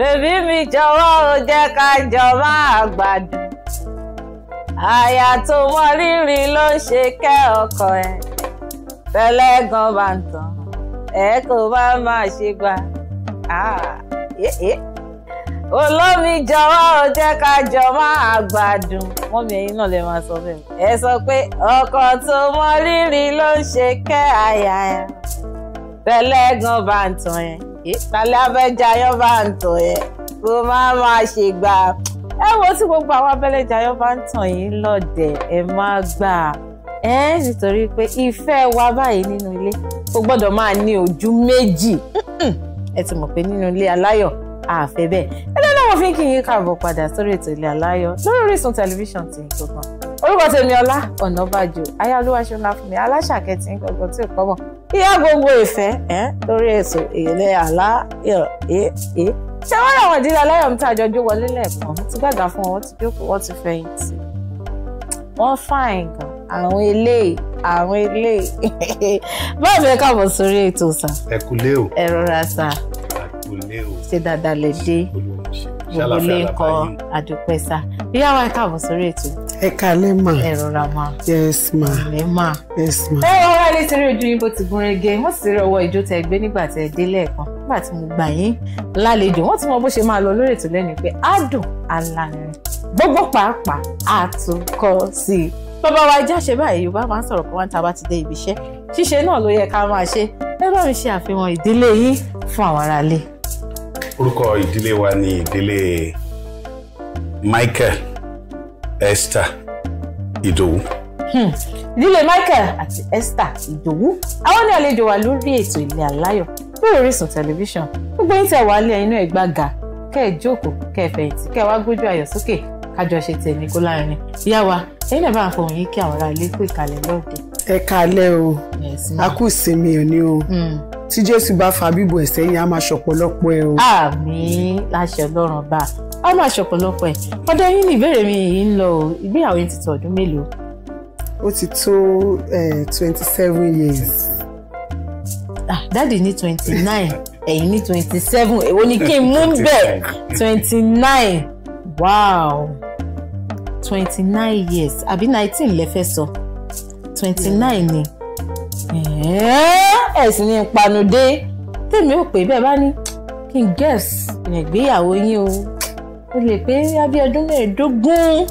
bèbí mi jọ̀wọ́ o jẹ́ ká jọ máa gbádùn àyà tó mọ rírì ló ń ṣe kẹ́ ọkọ ẹ̀ tẹ́lẹ̀ gan bá ń tàn ẹ̀ kò bá máa ṣe gbà ah, eh, eh. olómi jọ̀wọ́ o jẹ́ ká jọ máa wọ́n mi ẹ̀yin náà lè máa sọ bẹ́ẹ̀ ẹ sọ pé ọkọ tó mọ rírì ló ń ṣe kẹ́ àyà ẹ̀ tẹ́lẹ̀ gan bá ń tàn ẹ̀ ìpàlẹ́ abẹ́jayọ́ bá ń tàn yẹn mo máa máa ṣègbà ẹ wo tí gbogbo àwọn abẹ́lẹ́jayọ́ bá ń tàn yín lọ́dẹ̀ ẹ má gbà ẹ nítorí pé ìfẹ́ wa báyìí nínú ilé kò gbọ́dọ̀ máa ní ojú méjì ẹ ti mọ̀ pé nínú ilé aláyọ̀ àfẹ́ bẹ́ẹ̀ ẹlẹ́ náà mo fi ń kí padà sórí ètò ilé aláyọ̀ lórí Orísun tẹlifíṣàn ti ń gbọ̀ngàn orúkọ tèmi Ọlá Ọ̀nàbàjò ayáolúwa ṣọlá fún mi aláṣàkẹ́ ti ń gbọ̀ngàn tí ò kọ́ ìyá gbogbo ìfẹ́ lórí ètò ìlẹ̀ àlá ẹ̀ ṣé wọ́n rà wọ́n dídá aláyọ̀ mi tí àjọ jó wọlé lẹ́ẹ̀kan ti gbàgbà fún wọn ti jókòó wọ́n ti fẹ̀yìntì wọ́n fàìn gan àwọn eléyìí àwọn eléyìí báwo ni ẹ káàbọ̀ sórí ètò sà. ẹ kú lé o. ẹ rọra sà. ẹ kú lé o. ṣe dáadáa lè dé gbogbo ilé ńkọ́ àdúpẹ́ sà. ìyá wa ẹ sórí ètò ẹ kalẹ̀ ma ẹ rọra ma yes ma ẹ ma yes ma. ẹ ọ̀rọ̀ ilé ti rí ojú yín bó ti gún régé wọ́n sì rí ọwọ́ ijó tẹ gbé nígbà tẹ dé lẹ́ẹ̀kan nígbà tí mo gbà yín lálejò wọ́n ti mọ bó ṣe máa lọ lórí ètò lẹ́nu pé adùn alárin gbogbo pàápàá àtúnkọ́ sí i bàbá wa ajá ṣe báyìí yorùbá máa ń sọ̀rọ̀ pé wọ́n ń ta bá ti dé ibi iṣẹ́ ṣíṣe náà ló yẹ ká máa ṣe ẹ bá mi ṣe àfihàn ìdílé yín fún àwọn aráalé. orúkọ ìdílé wa ni ìdílé Michael Esther Ìdòwú. ìdílé hmm. Michael àti Esther Ìdòwú àwọn ní àlejò wa lórí ètò ilé aláyọ̀ lórí Orísun tẹlifíṣàn gbogbo yín tẹ́ wà á lé inú ẹ̀ gbága kẹ́ ẹ̀ jókòó kẹ́ ẹ̀ fẹ̀yìntì kẹ́ ẹ̀ wá gbójú ayọ̀ sókè kájọ ṣe tẹ̀ ní kó láàrin ìyá wa ẹ̀yin náà bá ń fohùn yín kí àwọn ará ilé pè kalẹ̀ lọ́ọ̀dẹ. ẹ kalẹ o a kú ìsinmi òní o hmm. tí Jésù bá fa bíbo ẹsẹ yẹn a máa ṣọ̀pọ̀lọpọ̀ ẹ o. àmín láṣẹ Ọlọ́run bá a a máa ṣọ̀pọ̀lọpọ̀ ẹ̀ ọ̀dọ̀ yín ni ìbéèrè mi yìí ń lọ o ìgbéyàwó yín ti tó ọdún mélòó. ó ti tó twenty seven years. ah dáàdì ní twenty nine ẹ̀yin ní twenty seven èwo ni kí n mú bẹ́ẹ̀ twenty nine wow twenty nine years àbí nineteen lẹ fẹ́ sọ twenty nine ni ẹ̀sìn ní ìpanudé tèmi ò pè bẹ́ẹ̀ bá ní kí n guess ìgbéyàwó yín o ó lè pé abí ọdún mẹ́ẹ̀ẹ́dógún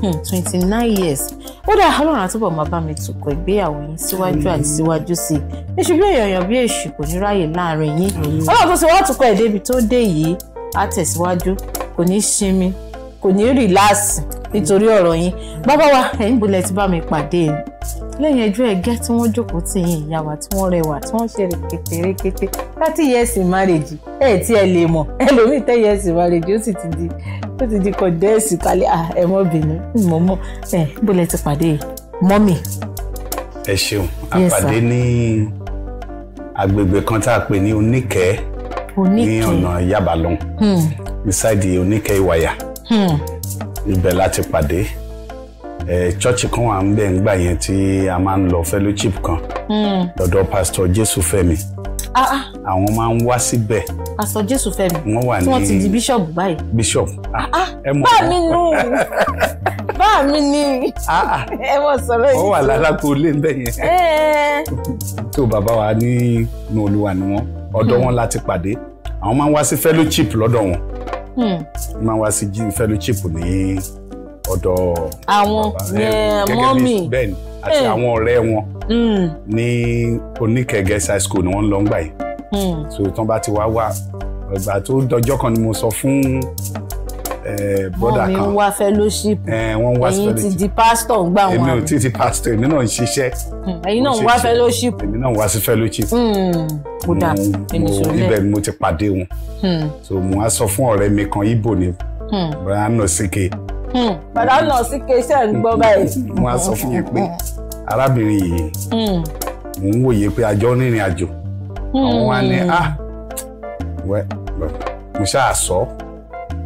hmm, twenty nine years ó dà ọlọ́run àtúbọ̀ máa bá mi tukọ̀ ìgbéyàwó yín síwájú àti síwájú sí i èṣù bí èèyàn bí èṣù kò ní ráàyè láàrin yín ọlọ́run tó ṣe wá tukọ̀ ẹ̀ débi tó dé yìí á tẹ̀síwájú kò ní sinmi kò ní rìláàsì nítorí ọ̀rọ̀ yín bàbá wa ẹ̀yin bulẹ̀ ti bá mi pàdé lẹ́yìn ẹjọ́ ẹ̀gẹ́ tí wọ́n jókòó tì yín ìyá wa tí wọ́n rẹwà tí wọ́n ṣe kétékété thirty years marriage ẹ̀ tí ẹ lè mọ̀ ẹlòmíì ten years marriage ó sì ti di ó ti di kọ̀dẹ́ẹ̀sì kalẹ̀ ah, ẹ̀ mọ́ bínú mọ́ mọ́ ẹ̀ bulẹ̀ ti pàdé mọ́mì. ẹ ṣeun àpàdé ní agbègbè kan tá a pè ní oníkẹ́ ní ọ̀nà yaba lọ́n hmm. beside oníkẹ́ ìwàyà. Hmm ibẹ̀ láti pàdé chọ́ọ̀chì kan wà ń bẹ̀ ńgbà yẹn tí a máa ń lọ fellowship kan dọ̀dọ̀ hmm. pásítọ̀ Jésùfẹ́mi ah, ah. àwọn máa ń wá síbẹ̀. pásítọ̀ Jésùfẹ́mi wọ́n wà ní tí wọ́n ti di bishop báyìí. bishop ah, ẹ mọ̀ bá mi nù bá mi ní ẹ mọ̀ sọ̀rọ̀ yìí. wọ́n wà lálákó lé ń bẹ̀ yẹn tó bàbá wa nínú Olúwa ni wọ́n ọ̀dọ̀ hmm. wọn láti pàdé àwọn máa ń wá sí fellowship lọ́dọ̀ wọn. Hmm. máa wá sí gym fellowship ní ọ̀dọ̀ àwọn eh, mọ́mì bẹ́ẹ̀ ni àti eh. àwọn ọ̀rẹ́ wọn hmm. ní oníkẹ̀gẹ́ high school ni wọ́n ń lọ ń gbà yìí hmm. so tán bá ti wá wá ìgbà tó dọjọ́ kan ni mo sọ fún bọ́dà eh, kan wọ́n mi wá fellowship eh, ẹ̀yin ti di pastor ń gbà wọn èmi ò ti di pastor èmi náà ń ṣiṣẹ́ hmm, ẹ̀yin náà ń wá fellowship èmi náà ń wá sí fellowship hmm, hmm, mo ibẹ̀ ni mo ti pàdé wọn so mo wá sọ fún ọ̀rẹ́ mi kan ibo ni bàbá náà síke bàbá náà síke iṣẹ́ ń gbọ́ báyìí mo wá sọ fún yẹn pé arábìnrin yìí mo ń wòye pé àjọ rìnrìn àjò àwọn wa ni ah wẹ́ mo ṣáà sọ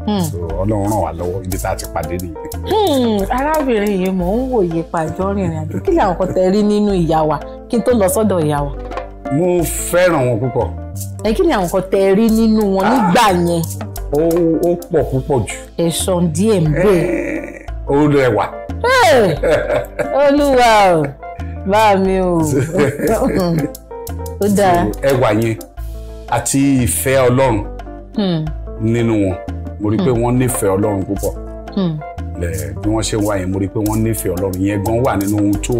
Hmm. ọlọ́run ràn wá lọ́wọ́ ibi tá a ti pàdé nìyí. Hmm, arábìnrin yìí mò ń wòye pàjọ rìnrìn àjò kí làwọn kan tẹ rí nínú ìyá wa kí n tó lọ sọ́dọ̀ ìyá wa. mo fẹ́ràn wọn púpọ̀. ẹ kí ni àwọn kan tẹ rí nínú wọn nígbà ah. yẹn. ó ó pọ̀ púpọ̀ jù. ẹ̀sán díẹ̀ ń bè. ó rẹwà. olúwa o bá mi o ó dáa. ẹwà yẹn àti ìfẹ́ ọlọ́run hmm. nínú wọn mo rí i pé hmm. wọ́n nífẹ̀ẹ́ ọlọ́run púpọ̀ hmm. bí wọ́n ṣe wá yẹn mo rí i pé wọ́n nífẹ̀ẹ́ ọlọ́run yẹn gan wà nínú ohun tó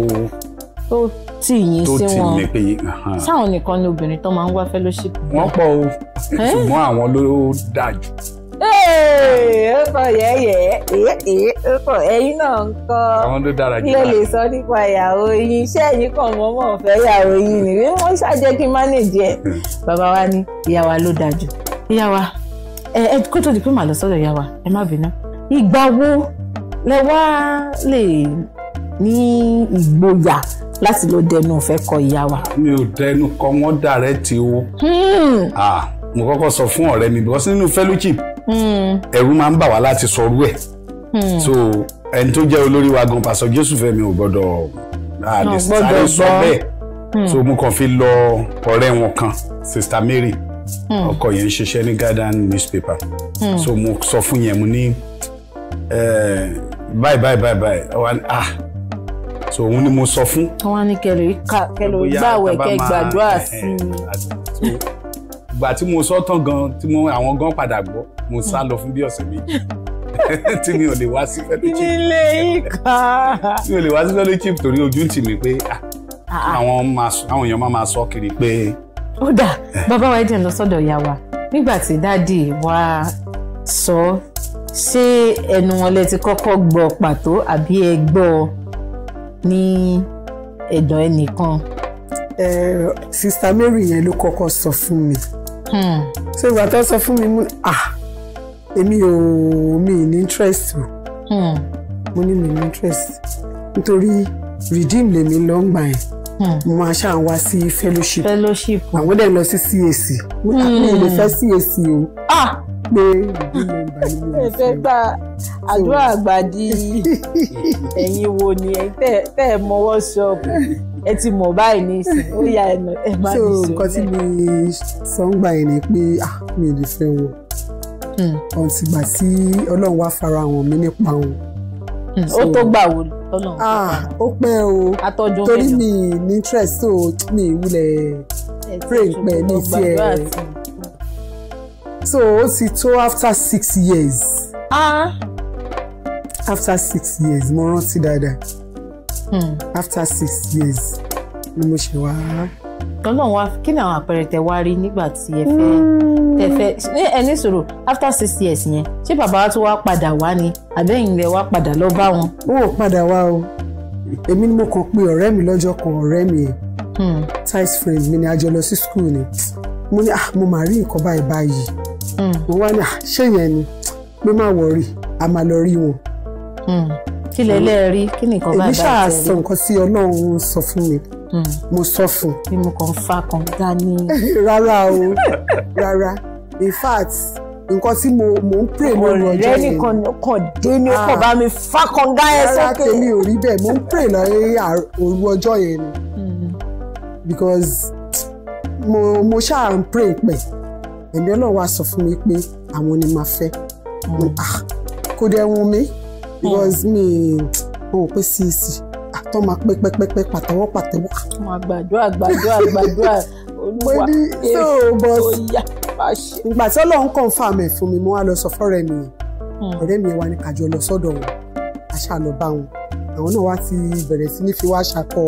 tó tì yín sí wọn sáwọn nìkan ni obìnrin tó máa ń wá fellowship. wọ́n pọ̀ o ṣùgbọ́n àwọn ló dáa jù ọkọ yẹyẹ ọkọ ẹ̀yin náà ń kọ lè lè sọ nípa ìyàwó yín iṣẹ́ yìí kàn mọmọ ọ̀fẹ́ ìyàwó yín ni wọ́n ṣàjẹ kí n má nìjẹ hmm. bàbá wa ní ìyá ló dájú ìyá wa ẹ kó tó di pé màá lọ sọ́dọ̀ ìyá wa ẹ má bínú ìgbà wo lẹ wá lè ní ìgboyà láti lọ dẹnu ọ̀fẹ́ kọ ìyá wa. mi ò dẹnu kọ wọn dàrẹ́tì o hmm. mo kọ́kọ́ sọ fún ọ̀rẹ́ mi because nínú fellowship hmm. ẹ̀rù máa ń bà wá láti sọrú ẹ̀ hmm. so ẹni tó jẹ́ olórí wa gan pàṣọ jésù fẹ́mi ò gbọ́dọ̀ àdìsáré sọ bẹ́ẹ̀ so mo kàn fi lọ ọ̀rẹ́ wọn kan sista mary Hmm. ọkọ yẹn ń ṣiṣẹ́ ní garden newspaper mm. so mo sọ fún yẹn mo ní bye. báyìí báyìí báyìí ah so òun ni mo sọ fún. wọn ní kẹlò kẹlò gbàwẹ̀ kẹ gbàdúrà sí i. ìgbà tí mo sọ tán gan tí mo àwọn gan padà gbọ́ mo sá lọ fún bí ọ̀sẹ̀ méjì tí mi ò lè wá sí fellowship. nílé ìka. mi ò lè wá sí fellowship torí ojú ń tì pé ah, ah, ah. àwọn èèyàn máa sọ kiri pé ó dà bàbá wa jẹ́ lọ sọ́dọ̀ ìyá wa nígbà tí dáàdì wa sọ ṣé ẹnu wọn lẹ ti kọ́kọ́ gbọ́ pàtó àbí ẹ gbọ́ ní ẹ̀dọ̀ ẹnìkan. ẹ sista Mary yẹn ló kọ́kọ́ sọ fún mi ṣé hmm. ìgbà tó sọ fún mi mú ah èmi ò mi ní interest o hmm. mo ní mi ní interest nítorí redeem lèmi lọ́ngbà yẹn. Hmm. mo máa ṣáà wá sí fellowship fellowship àwọn dẹ̀ lọ sí CAC ah, mi lè fẹ́ CAC o ah! pé ẹ fẹ́ gba àdúrà àgbà di ẹ̀yin wo ni tẹ́ ẹ mọ wọ́ṣọ́ọ̀bù ẹ ti mọ̀ báyìí ní ìsìn ó yà ẹ̀ máa ní sọ bẹ́ẹ̀. so nǹkan tí mi sọ ń gbà yẹn ni pé ah mi ò lè fẹ́ wọn hmm. ọ̀n tìgbà tí Ọlọ́run wá fara hàn mí nípa wọn. Mm, ó tó gbà wò lọ́nà. Ah, ó pẹ́ o torí mi ní interest so mi wulẹ̀ pray pẹ̀ ní tiẹ̀ so ó ti tó after six years. Ah. after six years mo rántí dáadáa. Hmm. after six years ni mo ṣe wá lọ́nà wa kí ni àwọn àpẹẹrẹ tẹ wá rí nígbà tí ẹ fẹ́ tẹ fẹ́ ní ẹni sòrò after six years yẹn ṣé bàbá wa tó wá padà wá ni àbẹ́yìn rẹ̀ wá padà lọ bá wọn. ó wò padà wá o èmi ni mo kàn pé ọ̀rẹ́ mi lọ́jọ́ kan ọ̀rẹ́ mi yẹn hmm. tight friend mi ni a jọ lọ sí school ni mo ní ah mo máa rí nǹkan báyìí báyìí hmm. mo wá ní ah ṣé yẹn ni pé má wọrí a máa lọ rí wọn. Hmm. kí lẹ rí kí ni nǹkan báyìí bá èmi ṣáà sọ nǹkan sí ọlọ́run sọ fún mi. Hmm. mo sọ fún. bí mo kàn fa kàn dání. rárá o rárá in fact nǹkan tí mo mo ń pray lórí ọjọ́ yẹn. ọ̀rẹ́ nìkan kàn dé ni ó kàn ah. bá mi fa kàn gá ẹ sókè. rárá tèmi ò rí bẹ́ẹ̀ mo ń pray lórí òru ọjọ́ yẹn ni hmm. because mo mo ṣáà ń pray pẹ̀ ẹ̀mí Ọlọ́run wá sọ fún mi pé àwọn ni màá fẹ́ hmm. ah, kò dẹ̀ wù mí because mi ò pé síìsì tó máa pé pẹ́pẹ́pẹ́ pàtẹ́wọ́ pàtẹ́wọ́. máa gbàdúrà gbàdúrà gbàdúrà olúwa èrò tó yá bá ṣe. ìgbà tí ọlọ́run confirm ẹ̀ fún mi mo wá lọ sọ fọ́rẹ́ mi hmm. ọ̀rẹ́ mi wá ní kájọ lọ sọ́dọ̀ wọn àṣà lọ bá wọn àwọn náà wá ti bẹ̀rẹ̀ sí ní fi wá ṣàkọ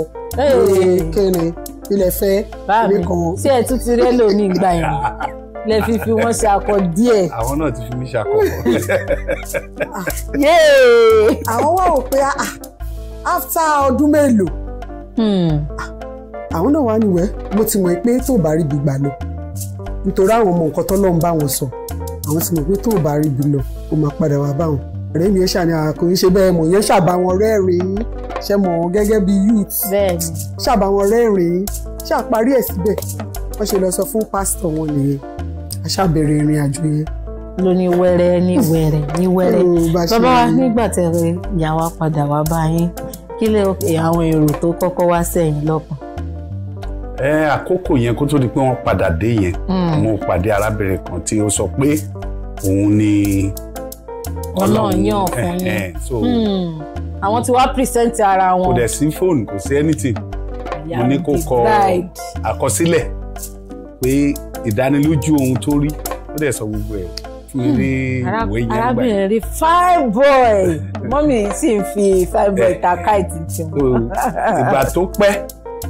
kẹrin ilẹ̀ fẹ́ ilé kan. tí ẹ tún ti rẹ́ lò ní ìgbà yẹn lẹ fi fi wọn ṣe akọ díẹ̀. àwọn náà ti fi mí ṣe akọ. àwọn wá wò pé ah, ah, after ọdún mélòó. Hmm. àwọn náà wá níwẹ̀ mo ti mọ̀ pé tó bá rí ibi gbà lọ nítorí àwọn ọmọ nǹkan tó lọ́n bá wọn sọ àwọn ti mọ̀ pé tó bá rí ibi lọ ó máa padà wá bá wọn ọ̀rẹ́ mi yẹn ṣàní àkó ń ṣe bẹ́ẹ̀ mọ̀ yẹn ṣàbá wọn rẹ́rìn-ín ṣe mọ̀ wọn gẹ́gẹ́ bí youth ṣàbá wọn rẹ́rìn-ín ṣàparí ẹ̀ síbẹ̀ wọ́n ṣe lọ sọ fún pásítọ̀ wọn nìyẹn aṣàbẹ̀rẹ̀ ìrìn àjò yẹn ló ní wẹ́rẹ́ ní wẹ́rẹ́ ní wẹ́rẹ́ bàbá nígbà tẹ̀rẹ̀ ìyá wa padà wá bá yín kí lè àwọn èrò tó kọ́kọ́ wá sẹ́yìn lọ́kàn. ẹ àkókò yẹn kó tó di pé wọ́n padà dé yẹn hmm. mo pàdé arábìnrin kan tí ó sọ pé òun ni Ọlọ́run yàn fún yín eh, eh, hmm. àwọn tí wàá pírísẹ́ǹtì ara wọn. kò dẹ̀ sí fóònù kò sí anything mo ní kó kọ àkọsílẹ̀ pé ìdánilójú ohun tó rí ó dẹ̀ sọ gbogbo ẹ̀ eré ìwé yẹn gbà. arábìnrin rí fine boy mọ́mì sì ń fi fine boy ta eh, eh, káìtì jù. Oh, ìgbà tó pẹ́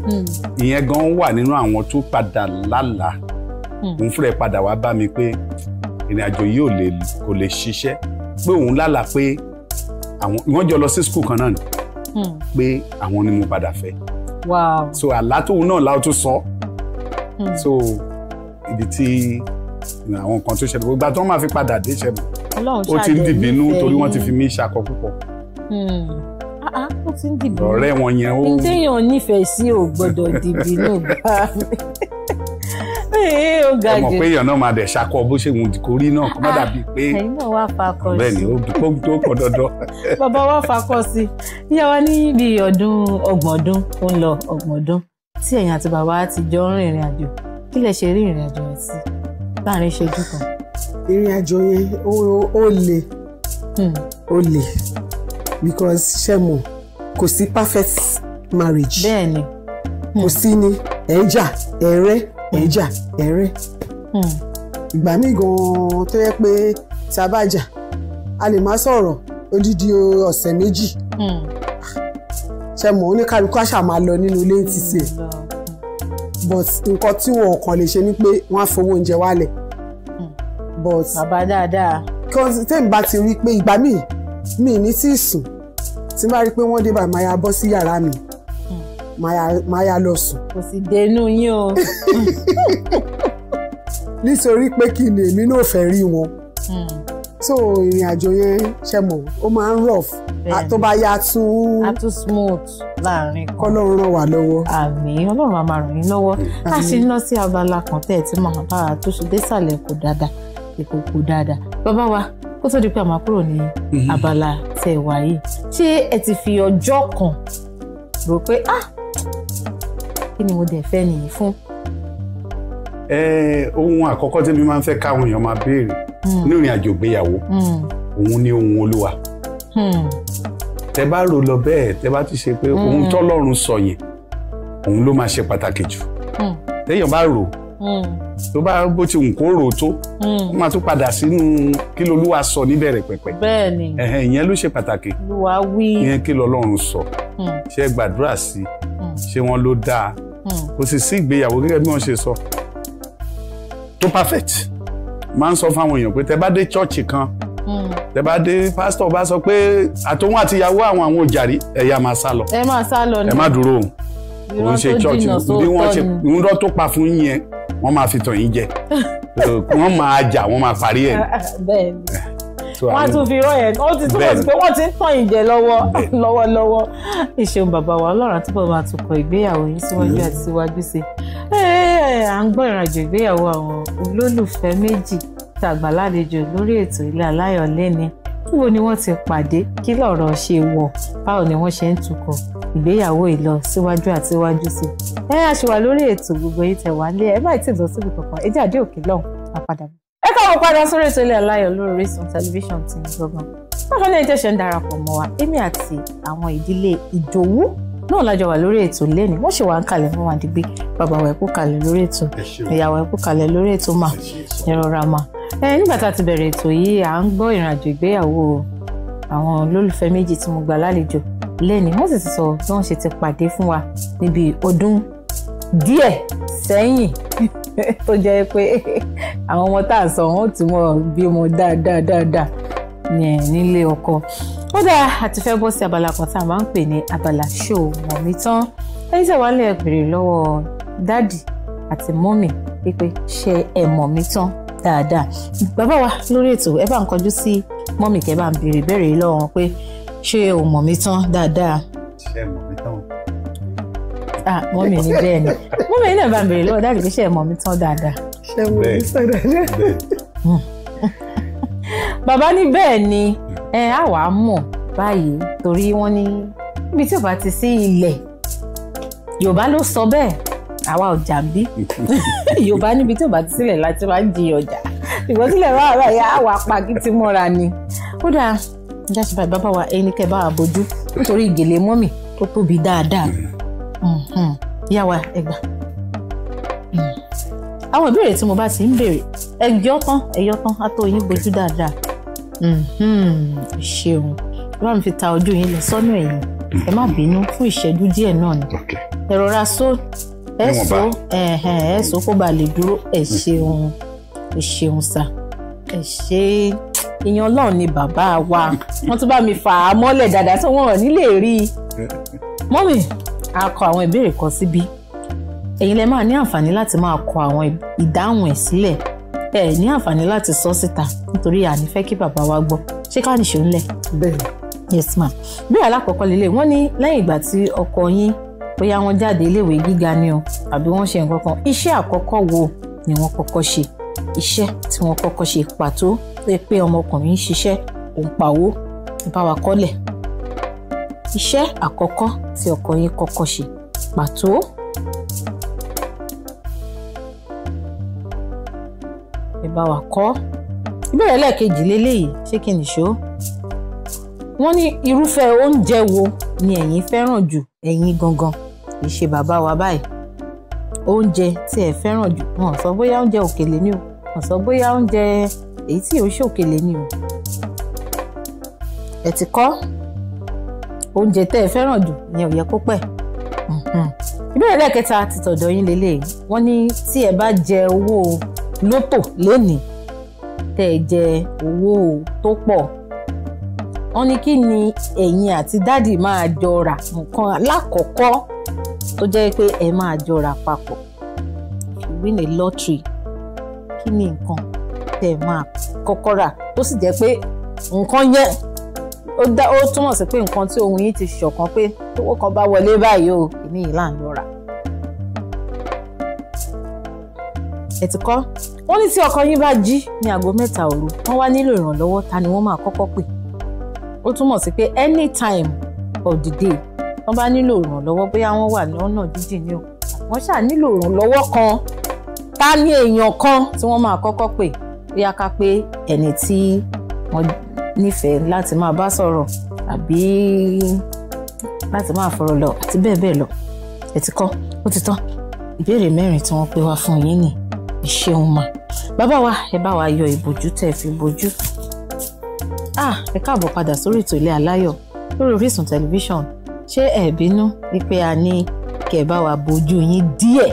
hmm. ìyẹn gan wà nínú àwọn tó padà lálàá hmm. òun fúnra ẹ̀ padà wá bá mi pé ìrìnàjò yìí kò lè ṣiṣẹ́ pé òun lálàá pé àwọn wọ́n jọ lọ sí skul kan náà hmm. pé àwọn ni mo padà fẹ́. wow so àlá tóun náà láwọn tó sọ so ibi tí àwọn nǹkan tó ṣẹlẹ̀ gbogbo àti wọ́n máa fi padà dé ṣẹlẹ̀ ó ti ń dìbínú torí wọ́n ti fi mí ṣakọ púpọ̀. Hmm. Ah, ah, ó ti ń dìbínú ọ̀rẹ́ wọn yẹn ó. téèyàn nífẹ̀ẹ́ sí ò gbọ́dọ̀ dìbínú gbà mí. ó ga jù ẹ mọ̀ pé èèyàn náà máa dẹ̀ ṣakọ bó ṣe wùn kó rí náà kó má ah, dàbí pé ẹ̀yin náà wá fakọ sí bẹ́ẹ̀ ni ó tó kọ dandan. bàbá wa fakọ sí ìyá wa ní bíi ọdún ọgbọ̀n ọdún ó ń lọ ọgbọ̀n ọdún tí ẹ̀yin àti bàbá ti jọ rìnrìn àjò kí lẹ ṣe rí ìrìn àjò yẹn sí láàrin ìṣẹ́jú kan. ìrìn àjò yẹn ó le hmm. ó le because ṣe mọ̀ kò sí perfect marriage. bẹ́ẹ̀ni. Hmm. kò sí ni ẹ ń jà ẹ rẹ́ ẹ ń hmm. jà ẹ rẹ́. ìgbà míì gan-an tó yẹ pé tá a bá jà a lè má sọ̀rọ̀ odidi ọ̀sẹ̀ méjì. Ah, ṣe oníkálukú àṣà máa lọ nínú ilé títì but nǹkan tí wọn ò kàn lè ṣe ni pé wọ́n á fowó oúnjẹ wálẹ̀ but bàbá dáadáa kí tèmi bá ti rí i pé ìgbà míì mi ní tí ì sùn tí n bá rí i pé wọ́n dé báyìí máa ya bọ́ sí yàrá mi máa ya lọ sùn. kò sì dénú yín o. nítorí pé kí ni èmi náà fẹ́ rí wọn hmm. so ìrìn àjò yẹn ṣe mọ̀ ó máa ń rough tó bá yá tún. a tún smooth láàrin kan. kọ́lọ́run ràn wá lọ́wọ́. àmín ọlọ́run àmà ràn yín lọ́wọ́ ká ṣe ń lọ sí abala kan tẹ́ ẹ̀ tí màmá bá wa tó ṣe désàlẹ̀ kò dáadáa ìkòkò dáadáa bàbá wa kó tó di pé a kúrò ní mhm. abala tẹ wá yìí ṣé ẹ ti fi ọjọ́ kan rò pé ah kí ni mo dẹ̀ fẹ́ nìyí fún. ohun àkọ́kọ́ tí mi máa ń fẹ́ káwọn èèyàn máa béèrè hmm. nínú ìrìn àjò ìgbéyàwó hmm. òun ni ohun olúwa. Hmm tẹ bá rò lọ bẹ́ẹ̀ tẹ bá ti ṣe pé mm. ohun tọ́lọ́run sọ yẹn òun ló máa ṣe pàtàkì jù mm. téèyàn bá rò mm. tó bá bó ti wù kó rò tó ó máa tún padà sínú kí lolúwa sọ níbẹ̀rẹ̀ pẹ̀pẹ̀ bẹ́ẹ̀ni ẹ̀hẹ̀ ìyẹn ló ṣe pàtàkì lùwà wí ìyẹn kí lọ́lọ́run sọ ṣe gbàdúrà sí ṣé wọn ló dáa kò sì sí ìgbéyàwó gẹ́gẹ́ bí wọ́n ṣe sọ tó perfect máa ń sọ fáwọn èèyàn pé tẹ bá dé chọ́ọ̀chì tẹ bá dé pásítọ̀ bá sọ pé àtòun àti ìyàwó àwọn àwọn òjàrí ẹ̀yà máa sá lọ. ẹ máa sá lọ ni ẹ má dúró òun òun ṣe church bí wọ́n ṣe irọ́ tó pa fún yín yẹn wọ́n máa fi tàn yín jẹ wọ́n máa jà wọ́n máa parí ẹ̀. Ah, ah, eh, wọ́n á tún fi rán yẹn ó ti túbọ̀ sí pé wọ́n ti ń tàn yín jẹ lọ́wọ́ lọ́wọ́lọ́wọ́ ìṣeun bàbá wa ọlọ́run àti bàbá àtúkọ̀ ìgbéyàwó yín síwájú mm-hmm. àti síwájú sí i eh, à ń gbọ́ ìrìnàjò ìgbéyàwó àwọn olólùfẹ́ méjì tàgbà lálejò lórí ètò ilé aláyọ̀ lẹ́ni níbo ni wọ́n ti pàdé kí lọ̀rọ̀ ṣe wọ̀ báwo ni wọ́n ṣe ń tukọ̀ ìgbéyàwó ìlọ síwájú àti iwájú sí ẹ á lórí ètò gbogbo yìí tẹ̀ wá lé ẹ báyìí tí ì síbi kankan ẹ àdé òkè lọ́hùn àpadà bọ̀. ẹ káwọn padà sórí ètò ilé aláyọ̀ lórí Orísun tẹlifíṣàn ti ń gbọgbọn bákan náà ìjẹsẹ ń darapọ̀ mọ́ wa èmi àti àwọn ìdílé Ìdòwú náà lájọ wà lórí ètò lẹ́ni wọ́n ṣe wà ń kalẹ̀ fún wa dìgbé bàbá wa ẹ̀kú kalẹ̀ lórí ètò ìyàwó ẹ̀kú kalẹ̀ lórí ètò mà ìrora mà ẹ nígbà tá a ti bẹ̀rẹ̀ ètò yìí à ń gbọ́ ìrìnàjò ìgbéyàwó àwọn olólùfẹ́ méjì tí mo gbà lálejò lẹ́ni wọ́n sì ti sọ bí wọ́n ṣe ti pàdé fún wa níbi ọdún díẹ̀ sẹ́yìn tó jẹ́ pé àwọn ọmọ tá a sọ wọn ò tún mọ̀ bí ọmọ dáadáa dáadáa nílé ọkọ ó dáa àti fẹ́ bọ́ sí abala kan tá a máa ń pè ní abala show, mọ̀ mi tán ẹ̀yin tẹ̀ wá lè béèrè lọ́wọ́ dádì àti mọ́mì pé ṣé ẹ mọ̀ mi tán dáadáa bàbá wa lórí ètò ẹ bá ń kọjú sí mọ́mì kẹ́ bá ń béèrè ìbéèrè yìí lọ́wọ́ wọn pé ṣé o mọ̀ mí tán dáadáa. ah mọ́mì ní bẹ́ẹ̀ ni mọ́mì yìí náà bá ń béèrè lọ́wọ́ dáàdì pé ṣé mọ̀ mí tán dáadáa. ṣé mọ̀ mí tán dáadáa. Hmm. bàbá ní bẹ́ẹ̀ ni ẹ á wà á mọ̀ báyìí torí wọ́n ní níbi tí ò bá ti sí ilẹ̀ Yorùbá ló sọ bẹ́ẹ̀ àwa ọjà ń bí yorùbá níbi tí ò bá ti sílẹ̀ láti máa ń di ọjà ṣùgbọ́n sílẹ̀ bá wà yá àwa apá kìtì mọ́ra ni kódà ìjà ṣe bàbá bá wa ẹni kẹ bá wa bójú nítorí ìgèlè mọ́mì tó tóbi dáadáa mm-hmm. yá wa ẹgbà mm. àwọn ìbéèrè tí mo bá ti ń béèrè ẹjọ́ tán ẹjọ́ tán á tó yín bójú dáadáa mm-hmm. ṣeun ló wà ní fi ta ojú yín lọ sọ́nà ẹ̀yìn ẹ má bínú fún ìṣẹ́jú díẹ̀ náà ni ẹ rọra só ẹ so ẹ so kó ba lè dúró ẹ hmm. ṣeun ẹ ṣeun sá ọlọ́run ni bàbá wa wọ́n tún bá mi fà á mọ́lẹ̀ dáadáa tí wọ́n ò ní lè rí i mọ́mì a kọ àwọn ìbéèrè kan síbí ẹ̀yin lẹ máa ní àǹfààní láti máa kọ àwọn ìdáhùn ẹ̀ sílẹ̀ ẹ ní àǹfààní láti sọ síta nítorí a fẹ́ kí bàbá wa gbọ́ ṣé ká nìṣó ńlẹ̀. bẹ́ẹ̀ yes ma bí alákọ̀ọ́kọ́ lélẹ̀ wọ́n ní lẹ́yìn ìgbà tí ọkọ yín bóyá wọ́n jáde iléèwé gíga ni o àbí wọ́n ṣe nǹkan kan iṣẹ́ àkọ́kọ́ wo ni wọ́n kọ́kọ́ ṣe iṣẹ́ tí wọ́n kọ́kọ́ ṣe pàtó pé ọmọkùnrin ń ṣiṣẹ́ òun pawó ìbáwa kọ́lẹ̀ iṣẹ́ àkọ́kọ́ tí ọkọ yín kọ́kọ́ ṣe pàtó. ìbá wa kọ́ ìbéèrè lẹ́ẹ̀kejì lélẹ́yìí ṣé kí nìṣó wọ́n ní irúfẹ́ oúnjẹ wo ni ẹ̀yin fẹ́ràn jù ẹ̀yin gangan kì í ṣe bàbá wa báyìí oúnjẹ tí ẹ fẹ́ràn jù wọn sọ bóyá oúnjẹ òkèlè ni o wọn sọ bóyá oúnjẹ èyí tí ò ṣe òkèlè ni o ẹ ti kọ́ oúnjẹ tẹ́ ẹ fẹ́ràn jù ìyẹn ò yẹ kó pẹ́ ìbéèrè lẹ́ẹ̀kẹta ti tọ̀dọ̀ yín lélẹ̀ wọ́n ní tí ẹ bá jẹ owó lótò lénìí tẹ́ ẹ jẹ owó tó pọ̀ wọ́n ní kí ni ẹ̀yin àti dáàdì máa jọ rà nǹkan lákọ̀ọ́kọ́ tó jẹ́ pé ẹ máa jọ rà papọ̀ win a lottery kí ni nǹkan tẹ̀ máa kọ́kọ́ rà tó sì jẹ́ pé nǹkan yẹn ó túmọ̀ sí pé nǹkan tí ohun yìí ti ṣọ̀kan pé owó kan bá wọlé báyìí o èmi yìí là ń lọ rà. ẹ ti kọ́ wọ́n ní tí ọkọ yín bá jí ní aago mẹ́ta òru wọ́n wá nílò ìrànlọ́wọ́ ta ni wọ́n máa kọ́kọ́ pè ó túmọ̀ sí pé any time of the day wọ́n bá nílò ìrànlọ́wọ́ bóyá wọ́n wà lọ́nà dídì ni o wọ́n ṣáà nílò ìrànlọ́wọ́ kan ta ni èèyàn kan tí wọ́n máa kọ́kọ́ pè bóyá ká pé ẹni tí wọ́n nífẹ̀ẹ́ láti máa bá sọ̀rọ̀ àbí láti máa fọ̀rọ̀ lọ àti bẹ́ẹ̀ bẹ́ẹ̀ lọ ẹ ti kọ́ ó ti tán ìbéèrè mẹ́rin tí wọ́n pè wá fún yín ni ẹ mà bàbá wa ẹ bá wa yọ ìbòjú tẹ̀ fi bójú ah ẹ káàbọ̀ padà sórí ètò ilé aláyọ̀ lórí Orísun tẹlifíṣàn ṣé ẹ bínú wípé a ní kẹ́ bá wa bójú yín díẹ̀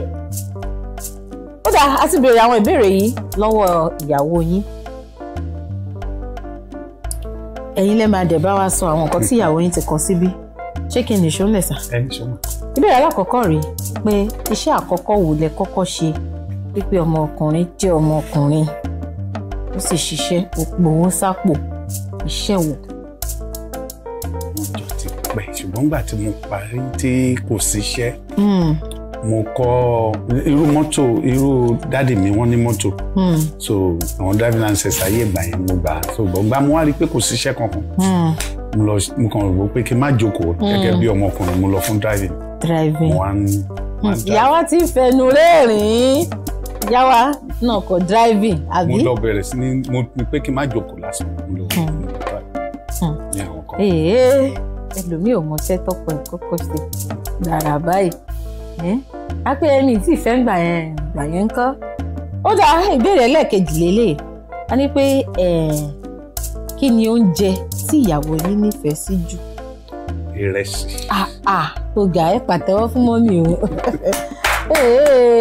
ó dáa a ti béèrè àwọn ìbéèrè yìí lọ́wọ́ ìyàwó yín ẹ̀yin lẹ́ẹ̀ máa dẹ̀ bá wa sọ àwọn nǹkan tí ìyàwó yín ti kọ síbí ṣé kí n nìṣó lẹ̀ sà. ẹ nìṣó mọ̀. ìbéèrè alákọ̀ọ́kọ́ rí pé iṣẹ́ àkọ́kọ́ wo lẹ kọ́kọ́ ṣe wípé ọmọkùnrin jẹ́ ọmọkùnrin ó sì ṣiṣẹ́ ó pòwó sápò iṣẹ́ wo. mo jọ ti pẹ́ ṣùgbọ́n nígbà tí mo parí tí kò síṣẹ́ hmm. mo kọ́ irú mọ́tò irú dáàdì mi wọ́n ní mọ́tò hmm. so àwọn driving license ayé ìgbà yẹn mo gbà so gbọ̀ngbà mo wá rí i pé kò síṣẹ́ kankan hmm. mo lọ mo kàn rò pé kí n má jókòó gẹ́gẹ́ bí ọmọkùnrin mo lọ fún driving. driving mo wá ń ìyáwá tí fẹnu rẹ́rìn-ín ìyáwá náà kọ driving àbí. mo lọ bẹ̀rẹ̀ sí ni mo pé kí n má jókòó lásán mo lọ ee ẹlòmíì ò mọṣẹ́ tọpọ ẹ kọ́kọ́ ṣe gbàrà báyìí á pé ẹni tí ìfẹ́ ń gbà yẹn gbà yẹn ń kọ́ ó dá ìbéèrè ẹlẹ́ẹ̀kejì lélẹ̀ a ní pé kí ni oúnjẹ tí ìyàwó yín nífẹ̀ẹ́ sí jù. ìrẹsì. tó ga ẹ pàtẹ́wọ́ fún mọ́mì o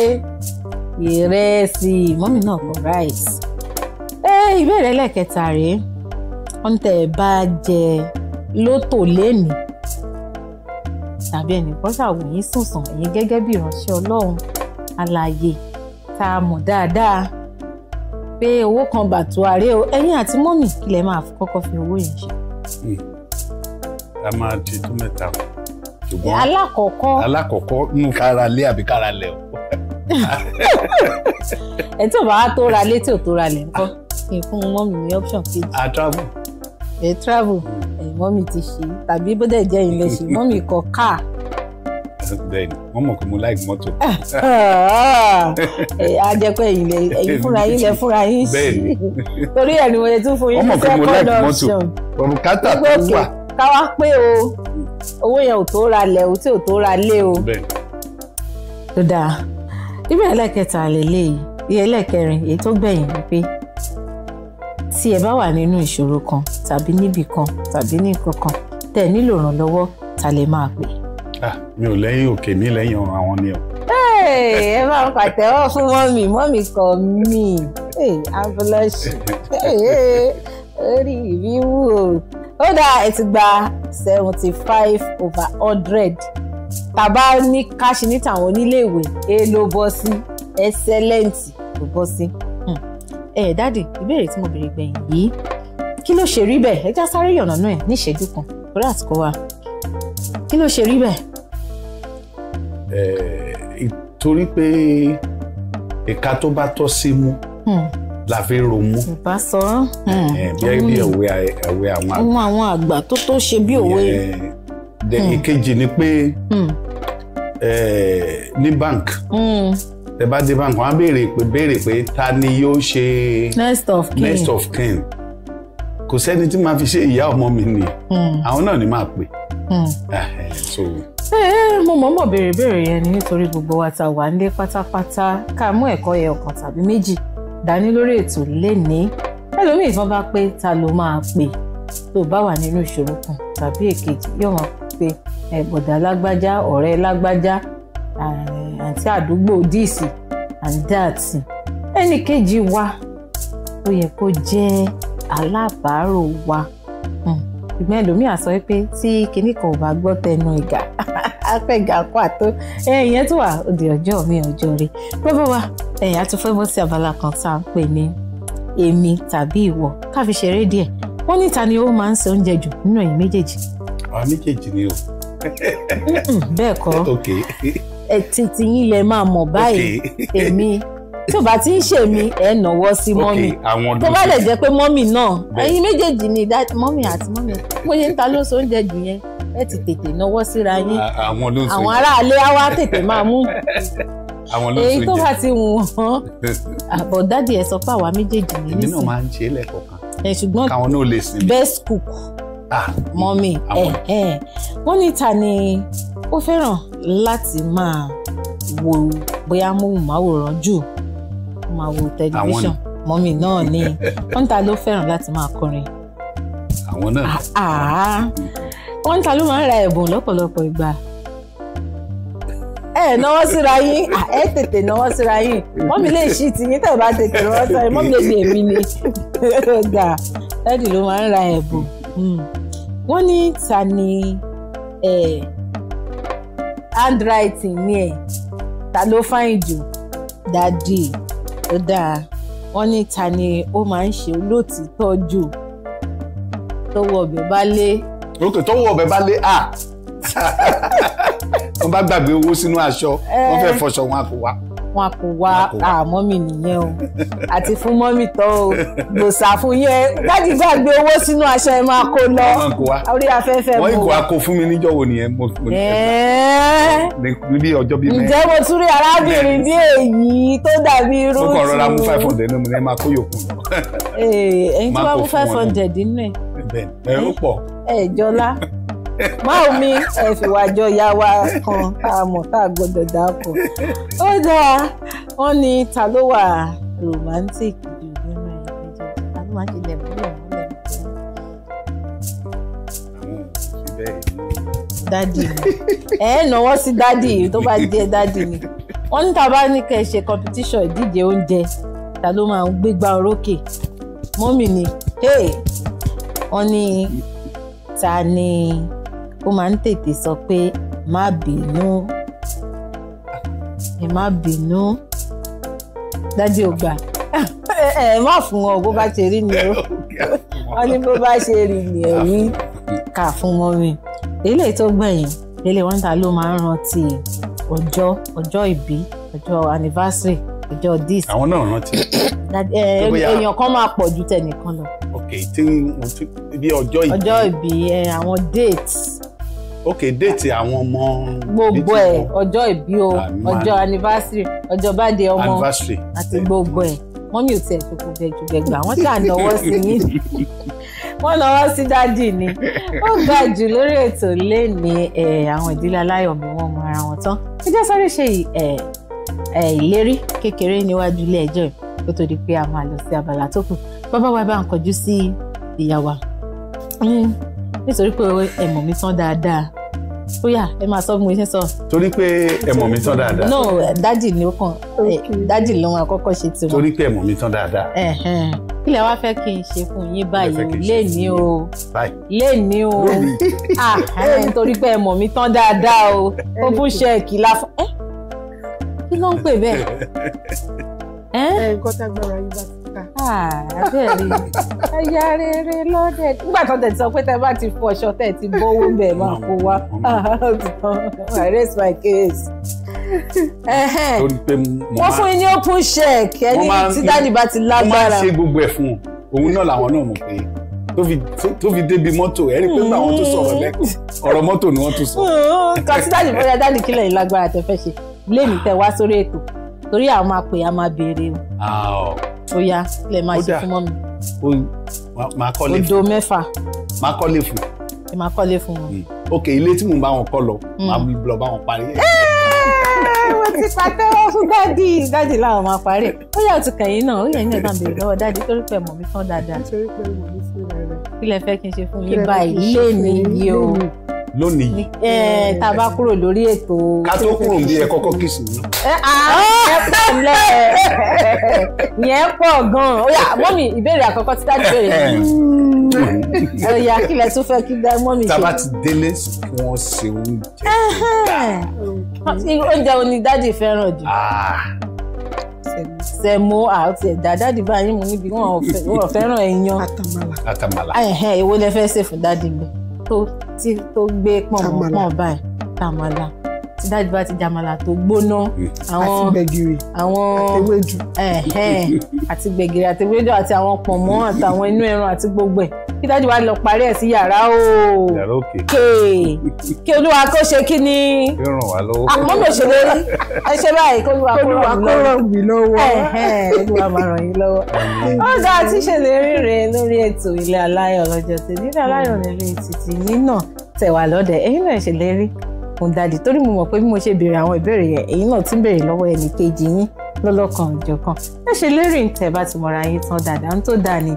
ìrẹsì mọ́mì náà kọ ráìsì. ìbéèrè ẹlẹ́ẹ̀kẹta rèé wọ́n tẹ̀ bá jẹ ló tò lénìí tàbí ẹnìkan ṣàwò yín sùnsàn ẹ̀yin gẹ́gẹ́ bí ìránṣẹ́ ọlọ́run alààyè tá a mọ̀ dáadáa pé owó kan bàtò ààrẹ o ẹ̀yin àti mọ́mì kí lẹ máa kọ́kọ́ fi owó yẹn ṣe. Hmm. a máa di ọdún mẹ́ta ṣùgbọ́n alákọ̀ọ́kọ́ alákọ̀ọ́kọ́ nù kára lé àbí kára lẹ̀ o. ẹ̀ tí ò bá tó ra lé ò tó ra lẹ̀ ńkọ́ kí n fún mọ́mì ní option kejì. a travel. ẹ travel. Hmm mọ́mì ti ṣe tàbí bó dẹ̀ jẹ́ ilé ṣe mọ́mì kọ káà. bẹ́ẹ̀ni wọn mọ pé mo láì mọ́tò. Eh, a jẹ pé ilé ẹ̀yin fúnra yín lẹ fúnra yín sí torí ẹ̀ ni mo lè tún fún yín ní second option. ọmọ kátà tó wà. káwá pé o owó yẹn ò tó ra lẹ̀ o tí ò tó ra lé o. tó dáa ibi ẹlẹ́kẹta lè léyìí iye ẹlẹ́kẹrin èyí tó gbẹ̀yìn ni pé tí ẹ bá wà nínú ìṣòro kan tàbí níbì kan tàbí ní kankan tẹ́ nílò ìrànlọ́wọ́ ta lè máa pè. Ah, mi ò lẹ́yìn òkè mi lẹ́yìn ọ̀run àwọn ni o. ẹ máa pàtẹ́wọ́ fún mọ́mì mọ́mì kan mi abúlọ́ọ̀ṣì orí mi wù o. ó dáa ẹ seventy five over hundred tàbá ní káṣí níta àwọn oníléèwé èèlò bọ́ sí ẹsẹ̀lẹ́ǹtì kò bọ́ sí ẹ eh, dáàdì ìbéèrè tí mo béèrè gbẹ̀yìn yìí kí ló ṣe rí bẹ́ẹ̀ ẹ já sáré yànnà náà ẹ̀ ní ìṣẹ́jú kan torí àsìkò wa kí ló ṣe rí bẹ́ẹ̀. ẹ eh, torí pé ìka tó bá tọ́ sí mú hmm. la fi ń romú. ìbá sọ ọ́. bẹ́ẹ̀ hmm. eh, bí òwe àwọn àgbà. ohun àwọn àgbà tó tó ṣe bí òwe. Hmm. ìkejì ni pé ní bank. Mm tẹ bá dé báńkì wọn á béèrè pé béèrè pé ta ni yóò ṣe next of kin next of kin kò sẹ́ni tí màá fi ṣe ìyá ọmọ mi nì hmm. àwọn náà ni màá pè. Hmm. Ah, eh, eh, eh, mo mọ̀ mọ̀ béèrè béèrè yẹn ni nítorí gbogbo wa ta wà nílé pátápátá ká mú ẹ̀kọ́ yẹn ọ̀kan tàbí méjì dání lórí ètò lénìí ẹlòmíì tán bá pé ta ló máa pè tó bá wà nínú ìṣòro kan tàbí èkejì yóò máa pè ẹ̀ lágbájá ọ̀rẹ́ lágbájá ah, àǹtí àdúgbò this and that ẹnì kejì wa ó yẹ kó jẹ́ alábàárò wa hmm. ṣùgbọ́n ẹlòmíà sọ pé tí kinní kan ò bá gbọ́ tẹnu ìgà afẹ́gà kó àtó ẹ̀yẹn tó wà òde ọjọ́ mi ọjọ́ rí bàbá wa ẹ̀yìn àtúnfẹ́ bọ́ sí abala kan tá à ń pè ní èmi tàbí ìwọ káfi ṣeré díẹ̀ wọ́n ní ta ni ó máa ń ṣe oúnjẹ jù nínú ẹ̀yin méjèèjì. àwọn méjèèjì ni o. bẹ́ẹ̀ kọ́ títí yín lẹ máa mọ̀ báyìí èmi tí bá ti ń ṣe mi ẹ náwó sí mọ́mì tó bá lè jẹ́ pé mọ́mì náà ẹ̀yin méjèèjì ni mọ́mì àti mọ́mì mo ṣe ń ta lóṣù oúnjẹ jù yẹn ẹ ti tètè náwó síra yín àwọn aráalé á wá tètè máa mú èyí tó bá ti wù wọ́n àbọ̀dádì ẹ̀ sọ pé àwa méjèèjì ní nísìnyí. èmi náà máa ń ṣe é lẹ́kọ̀ọ̀kan ṣùgbọ́n káwọn náà lè sinmi best cook ah. mọ́mì wọ́n níta ni ó fẹ́ràn láti máa wo bóyá móhùnmáwòrán jù máa wo tẹlifíṣàn mọ́mì náà ni wọ́n ta ló fẹ́ràn láti máa kọrin. àwọn náà. Ah, ah. wọ́n ta ló máa ń ra ẹ̀bùn lọ́pọ̀lọpọ̀ ìgbà ẹ náwó síra yín ah, ẹ tètè náwó síra yín mọ́mí lè ṣí tìyín tẹ̀ bá tètè náwó síra yín mọ́mí lè gbé mi ni gà ẹ́dì ló máa ń ra ẹ̀bùn. Hmm. wọ́n ní ta ni handwriting ni ẹ̀ ta ló fáyìn jù dádì ó dáa wọ́n ní ta ni ó máa ń ṣe olóòtítọ́ jù tọwọ́ ọbẹ̀ bá lé. ok tọwọ́ ọbẹ̀ bá lé a ah! wọ́n bá gbàgbé owó sínú aṣọ wọ́n fẹ́ eh. fọṣọ wọn kò wá wọn kò wá àmọ́mì nìyẹn o àti fún mọ́mì tán o gbòòsà fún yẹn dájú bá gbé owó sínú aṣọ ẹ máa kó lọ orí afẹ́fẹ́ mọ́. wọ́n ìkó akó fún mi níjọ́ nìyẹn mo fi bí ọjọ́ bíi mẹ́rin. ǹjẹ́ mo tún rí arábìnrin bí èyí tó dàbí irú tí. mo kàn rọra five hundred nínú mi máa kó yòókù lọ. ẹ̀yin tí wọ́n mú five hundred nínú ẹ̀. bẹ́ẹ̀ ẹ̀ ó pọ̀. jọlá máa mi ẹ̀fìwàjọ ya wa kan tá a mọ̀ tá a gbọ́dọ̀ dáàpọ̀ ó dáa wọ́n ní ta ló wà romantic jù nínú ìgbẹ́jọ́ ta ló máa ń ṣe lẹ́múlẹ̀ múlẹ̀. dádì ẹ ẹ náwó sí dádì tó bá jẹ dádì ni wọ́n ní ta ní kẹ́ ṣe competition ìdíje oúnjẹ ta ló máa ń gbégbá orókè mọ́mì ni wọ́n ní ta ni. Hey, ó máa ń tètè sọ pé má bínú ẹ má bínú dájú ò gbà ẹ má fún ọ bó bá ṣe rí ni o wọn ní bó bá ṣe rí ni ẹ rí kà fún mọ́mì eléyìí tó gbẹ̀yìn eléyìí wọ́n ta ló máa ń rántí ọjọ́ ọjọ́ ìbí ọjọ́ anniversary ọjọ́ dis. àwọn náà rántí. èèyàn kan máa pọ̀ ju tẹnìkan lọ. ok tí bí ọjọ́ ìbí. ọjọ́ ìbí àwọn dates ok déètì àwọn ọmọ gbogbo ẹ ọjọ́ ìbí o ọjọ́ anniversary ọjọ́ báde ọmọ àti gbogbo ẹ mọ́mí ò tiẹ̀ tó kó gbẹ̀gbẹ̀gbà wọ́n ṣáà nọwọ́ sí yín wọ́n nọwọ́ sí dádì ni ó ga jù lórí ètò lẹ́ni àwọn ìdílé aláyọ̀ mi wọ́n mọ ara wọn tán ẹ jẹ́ sáré ṣe ìlérí kékeré níwájú ilé ẹjọ́ yìí kó tó di pé a máa lọ sí abala tó kù bàbá wa bá ń kọjú sí ìyá wa nítorí pé ẹ̀mọ̀ mi tán dáadáa ó ẹ máa sọ bí mo ṣe sọ. torí pé ẹ̀mọ̀ mi tán dáadáa. no dádì ni ó kàn eh, dádì lòun àkọ́kọ́ ṣe tiwọn. torí pé ẹ̀mọ̀ mi tán dáadáa. kí wá fẹ́ kí n ṣe fún yín báyìí léèní o léèní o ah, nítorí pé ẹ̀mọ̀ mi tán dáadáa o ó bú ṣẹ́ẹ̀kì láfọ eh? kí ló ń pè bẹ́ẹ̀. Eh? nǹkan tágbára yín bá ti àbẹ̀rẹ̀ ah, ẹ̀yà rere lọ́dẹ̀ nígbà tó tẹ̀ sọ pé tẹ bá ti fọ ọṣọ tẹ̀ ti bówó bẹ̀ máa kó wá ah, I raise my case. torí pé mo máa wọ́n fún yín ní open check ẹni tí dáàdì bá ti lágbára. mo máa ń ṣe gbogbo ẹ̀ fún un òun náà làwọn náà mọ̀ pé tó fi débi mọ́tò ẹ̀rí pé nígbà wọn tó sọ̀rọ̀ lẹ́kọ̀ọ́ ọ̀rọ̀ mọ́tò ni wọ́n tún sọ. Mm-hmm. kàtí dáàdì bóyá dáàdì kílẹ̀ yìí lágbára tẹ fẹ́ ṣe lé mi tẹ wá sórí ètò torí àwọn máa pè á máa béèrè o. Ah, ó yá lẹ́ẹ̀ máa ṣe fún mọ́ mi. ó máa kọ́lé fún odo mẹ́fà. máa kọ́lé fún. ẹ máa kọ́lé fún wọn. Hmm. ok ilé tí mò ń bá wọn kọ́ lọ máa hmm. lọ bá wọn parí. mo ti pàtẹ́wọ́ fún dáàdì dáàdì làwọn máa parí ó yà ó ti kẹ̀yìn náà ó yẹ ní ẹ̀gbọ́n bèrè lọ́wọ́ dáàdì torí pé mọ̀ mi tán dáadáa. nítorí pé mọ̀ mi fún rẹ̀ rẹ̀. kí lẹ fẹ́ kí n ṣe fún yín báyìí lé mi yìí o lónìí. ẹ tá a bá kúrò lórí ètò. ká tó kúrò ní ẹ kọ́kọ́ kìsì mi. ẹ pọ̀ lẹ yẹn pọ̀ gan-an ó yá mọ́mì ìbéèrè àkọ́kọ́ tí dájú béèrè. ó yá kí lẹ tún fẹ́ kí dá mọ́mì ṣe. tá a bá ti délé wọn ṣe oúnjẹ. oúnjẹ wo ni dádì fẹ́ràn jù sẹmo àti ẹ̀dá dáàdì báyìí mo níbi wọn ò fẹ́ràn ẹ̀yàn àtàmàlà àtàmàlà ẹ̀hẹ́n èwo lẹ fẹ́ ṣe fún dáàdì mi tó gbé pọ̀nmọ́pọ̀ báyìí tàmàlà tí dájú bá ti jàmàlà tó gbóná. Hmm. àti gbẹ̀gìrì àtewédú. àti gbẹ̀gìrì àtewédú àti àwọn pọ̀nmọ́ àtàwọn inú ẹran àti gbogbo ẹ̀ kí dájú wa lọ parí ẹ̀ sí yàrá o yàrá òkè kí olúwa kó ṣe kí ni àmọ́ ah, mo ṣe lórí ẹ ṣe báyìí kó olúwa kó ràn mí lọ́wọ́ olúwa máa ràn yín lọ́wọ́ ọ̀gá àti ṣèlérí rẹ lórí ètò ilé aláyọ̀ lọ́jọ́ tèmi ilé aláyọ̀ nílé títí yín náà tẹ̀wà lọ́dẹ ẹ̀yin náà ṣèlérí fún dádì torí mo mọ̀ pé bí mo ṣe béèrè àwọn ìbéèrè yẹn èyí náà ti ń béèrè lọ́wọ́ ẹnì kejì yín lọ́lọ́kan òjọ̀kan ẹ ṣe lérè ń bá ti mọ̀ra yín tán dáadáa ń tó dáa ni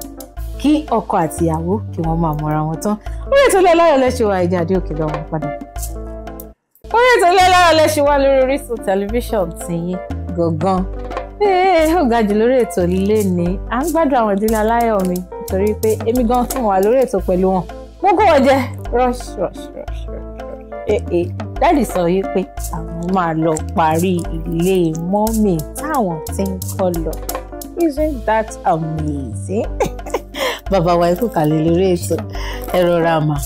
kí ọkọ àti ìyàwó kí wọ́n máa mọ̀ra wọn tán orí ètò ilé ọlọ́rọ̀ lẹ́sìn wa ìjà àdéhùn kìlọ̀ wọn padà orí ètò ilé ọlọ́rọ̀ wa lórí Orísun tẹlifíṣọ̀n tìyín gangan ó ga jù lórí ètò ilé ni à ń gbádùn àwọn ìdílé aláyọ̀ mi nítorí pé èmi gan fún wa lórí ètò pẹ̀lú wọn mo kó wọn jẹ rush rush rush rush ee dáàdì sọ yìí pé àwọn máa lọ parí ilé mọ́mì táwọn ti ń kọ́ lọ isn't that amazing? bàbá wa ikú kàlẹ́ lórí ètò ẹ rọra mà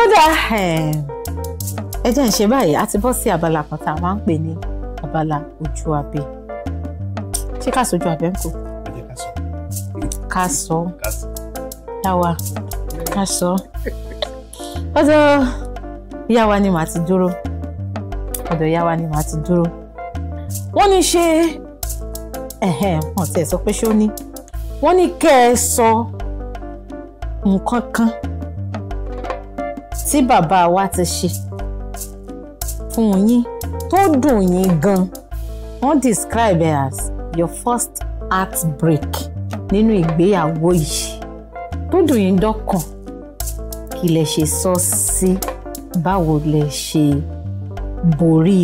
ó dáa ẹ jẹ́ ń ṣe báyìí a ti bọ́ sí abala kan tá a máa ń pè ní abala ojú abẹ ṣé ká sojú abẹ ń kó ká sọ yáwa ká sọ ọ̀dọ̀ yáwa ni màá ti dúró ọ̀dọ̀ yáwa ni màá ti dúró wọ́n ní ṣe ẹ̀hẹ́ ti ẹ̀ sọ pé ṣé ó ní wọ́n ní kẹ́ ẹ sọ nǹkan kan tí bàbá wa ti ṣe fún yín tó dùn yín gan wọ́n describe it as your first heartbreak nínú ìgbéyàwó yìí tó dùn yín dọ́kàn kí lẹ ṣe sọ sí báwo lẹ ṣe borí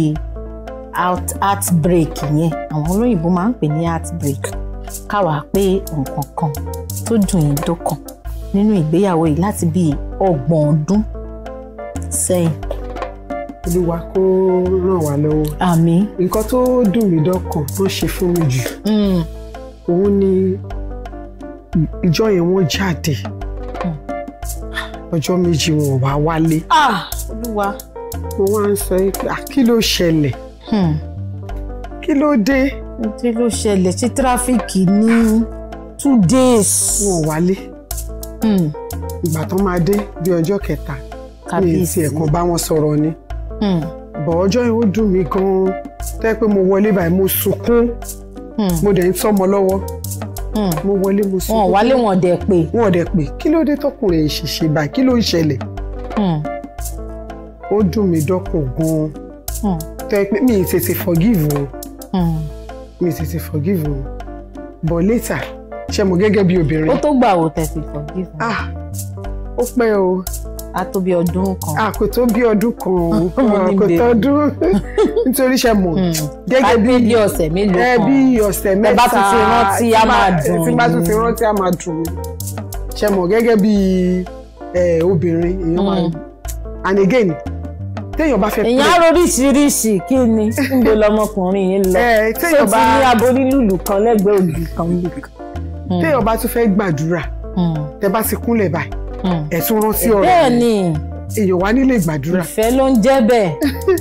heartbreak yẹn àwọn olóyìnbó máa ń pè ní heartbreak káwa pé nǹkan kan tó dùn yín tó kàn nínú ìgbéyàwó yìí láti bí ọgbọ̀n ọdún sẹ́yìn. olúwa kó ràn wá lọ́wọ́. àmín. nǹkan tó dùn mí dọ́kàn tó ṣe fún mi jù. Hmm. òun ni ìjọ yẹn wọ́n jáde hmm. ọjọ́ méjì wọn ò wá wálé. Ah, olúwa. mo wá ń sọ pé kí ló ṣẹlẹ̀ hmm. kí ló dé kí ló ṣẹlẹ̀ sí tírafíkì ní two days. wọn ò wálé hmm. ìgbà tó máa dé bí ọjọ́ kẹta mi ti ẹ̀kan bá wọn sọ̀rọ̀ ni hmm. bọ̀ ọjọ́ yẹn ó dùn mí gan-an tẹ́ pé mo wọlé báyìí mo sunkún hmm. mo dẹ̀ ń tọ́mọ lọ́wọ́ mo wọlé mo sunkún. wọn wálé wọn dẹ̀ pé. wọn dẹ̀ pé kí ló dé tọkùnrin ìṣẹ̀ṣẹ̀ báyìí kí ló ń ṣẹlẹ̀ ó dùn mí dọ́kun gan-an tẹ́ pé mi ì tètè forgive o. Mm mi sì ti forgive o but later ṣe mo gẹ́gẹ́ bi obìnrin. ó tó gbà wò tẹ̀sí forgive. ah ó pẹ́ o. a tó bí ọdún kan. a kò tó bí ọdún kan o kò tó ọdún nítorí ṣe mọ̀ hmm. gẹ́gẹ́ bí bí ọ̀sẹ̀ mélòó eh, kan bí ọ̀sẹ̀ mẹ́ta bá tún ti rántí a máa dùn tí bá tún ti rántí a máa dùn ṣe mọ̀ gẹ́gẹ́ bí eh, obìnrin èèyàn máa hmm. and again téèyàn bá fẹ́ play. èèyàn oríṣiríṣi kí ni níbo lọmọkùnrin yẹn lọ eh, tó ti ní aborílùlù kan lẹ́gbẹ̀ẹ́ òbí kan lùkà. Hmm. téèyàn bá tún fẹ́ gbàdúrà hmm. tẹ bá ti kúnlẹ̀ báyìí hmm. ẹ̀ tún rántí ọ̀rọ̀ yẹn èèyàn wá nílé gbàdúrà. ìfẹ́ ló ń jẹ́ bẹ́ẹ̀.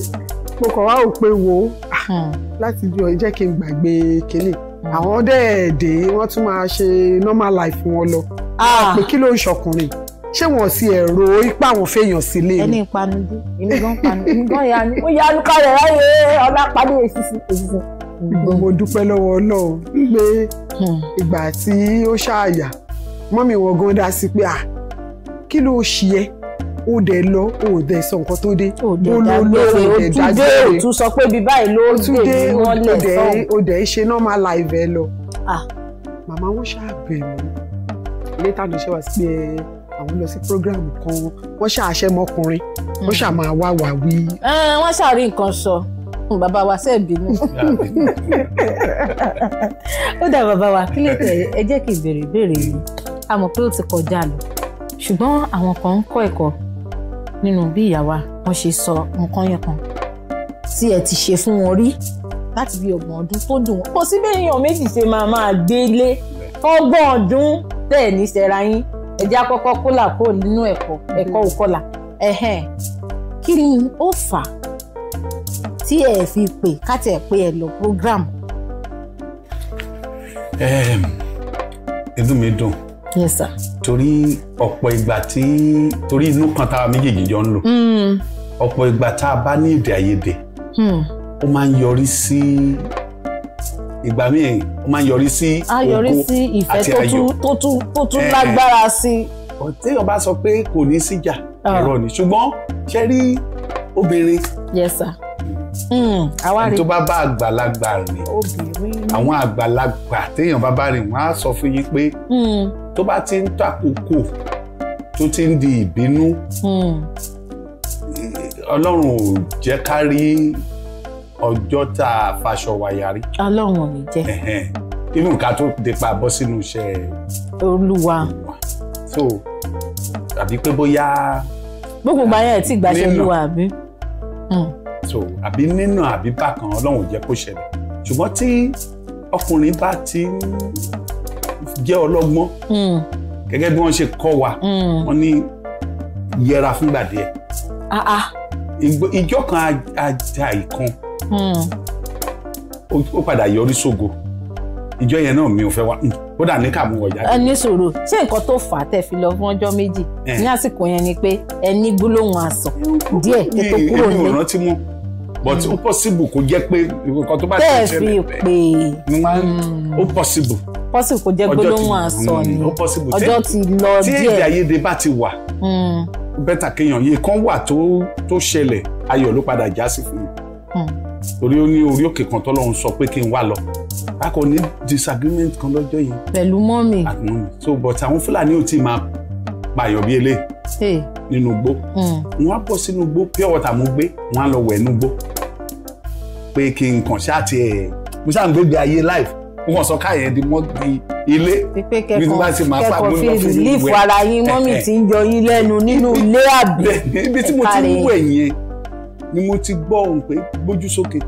mo kàn wá ò pé wo ah, láti jọ jẹ́ kí n gbàgbé kínní àwọn dẹ́ẹ̀dẹ́ wọ́n tún máa ṣe normal life wọn lọ. Ah. pé kí ló ń ṣọkùnrin ṣé wọn sì ẹ̀rọ ipá àwọn fẹ́yàn sílé ni. ẹni ìpanudu èmi gan panudu èmi gan yanu mo yanu kalẹ̀ láyé ọlápàdé èsìsì èsìsì. mo dúpẹ́ lọ́wọ́ Ọlọ́run pé hmm. ìgbà tí ó ṣáàyà mọ́mì wọn gan dá sí pé à kí ló ṣe ẹ́ ó dẹ̀ lọ ó dẹ̀ sọ nǹkan tó dé ó lọ lọ ó dẹ̀ dágbére ó tún sọ pé bí báyìí ló dé wọn lè sọ ó dẹ̀ ṣe normal life ẹ lọ. màmá wọn ṣàbẹ̀wò létà ní ṣe wá sí pé ẹ òun lọ sí program kan wọ́n ṣàṣẹmọkùnrin wọ́n ṣàmáa wá wà wí. Ah, wọ́n ṣàrí nǹkan sọ bàbá wa ṣe bínú ó dà bàbá wa kí lè tẹ ẹ jẹ́ kí n béèrè ìbéèrè yìí a mọ̀ pé ó ti kọjá lọ ṣùgbọ́n àwọn kan ń kọ́ ẹ̀kọ́ nínú bí ìyàwó wọn ṣe sọ nǹkan yẹn kan tí ẹ ti ṣe fún wọn rí láti bí ọgbọ̀n ọdún tó dùn wọn kò sí bẹ́ẹ̀ èèyàn méjì ṣe máa máa gbélé ọgbọ̀n ọdún bẹ́ẹ̀ ní sẹ́ra yín ẹ jẹ́ àkọ́kọ́ kólà nínú ẹ̀kọ́ ẹ̀kọ́ òkọlà ẹ̀hẹ́n kí ni ó fà tí ẹ fi pè ẹ pé ẹ lọ program. inú mi dùn. torí ọ̀pọ̀ ìgbà tí torí inú kan táwa méjèèjì jọ ń lò hmm. ọ̀pọ̀ ìgbà tá a bá ní èdè àìyedè hmm. ó máa ń yọrí sí ìgbà míì máa yọrí sí ògo àti ayọ̀ tó tún tó tún lágbára sí i. téèyàn bá sọ pé kò ní síjà ah. ẹ̀rọ ni ṣùgbọ́n ṣe rí obìnrin. yes sir àwárí hmm, tó bá bá àgbàlagbà rìn àwọn àgbàlagbà téèyàn bá bá rìn wọn á sọ fún yín pé hmm. tó bá ti ń tàkókò tó ti ń di ìbínú hmm. ọlọ́run ò jẹ́ ká rí ọjọ́ tá a faṣọ wàyàrí. ọlọ́run ò ní jẹ́. inú nǹkan tó dépa bọ́ sínú iṣẹ́. olúwa. so àbí pé bóyá. gbogbo gbàyà ẹ̀ tí gbàṣẹ olúwa àbí. Hmm. so àbí nínà àbí bákan ọlọ́run ò jẹ́ kó ṣẹlẹ̀ ṣùgbọ́n tí ọkùnrin bá ti ń jẹ́ ọlọ́gbọ́n hmm. gẹ́gẹ́ bí wọ́n ṣe kọ́ wa hmm. wọ́n ní yẹra fúngbà díẹ̀. Ah, ah. ìjọ kan ajá ìkan ó hmm. padà yọrí sógo ìjọ yẹn náà mi ò fẹ́ wá ó dà ní kàmú ọjà. ẹ ní sùúrù ṣé nǹkan tó fà á tẹ̀ fi lọ fún ọjọ́ méjì ní àsìkò yẹn ni pé ẹ ní gbólóhùn àsọ̀ díẹ̀ kí tó kúrò ní. èmi ò rántí mọ́ but hmm. ó possible kó jẹ́ pé nǹkan tó bá tẹ̀ ṣẹlẹ̀ tẹ̀ fi pè é hmm. ó possible. possible kó jẹ́ gbólóhùn àsọ̀ ni ọjọ́ ti lọ díẹ̀. tí èdè àìyedè bá ti wà bẹ́tà kéèyàn yìí kan wà tó ṣẹlẹ̀ ayọ̀ ló padà já sí fún mi. Hmm. torí ó ní orí òkè kan tọ́lọ́run sọ pé kí n wá lọ a kò ní disagreement kan lọ́jọ́ yìí. pẹ̀lú mọ́mì. àtúnmọ́mì so but àwọn fúlàní ò tí ì máa pààyàn bí eléyìí nínú igbó hmm. wọn á bọ̀ sínú igbó pure water mo gbé wọn á lọ wẹ̀ nínú igbó pé kí n kàn ṣáà tiẹ̀ mo ṣáà ń gbé bí ayé life wọn sọ káyẹn di mọ di ilé bí wọn ti máa fà gbóná fi ní ìwẹ lífù ara yín mọ́mì tí ń yọ yín lẹ́nu nínú ilé àbí ibi tí mo ti ń wẹ̀ yẹn ni mo ti gbọ́ ohun pé gbójú sókè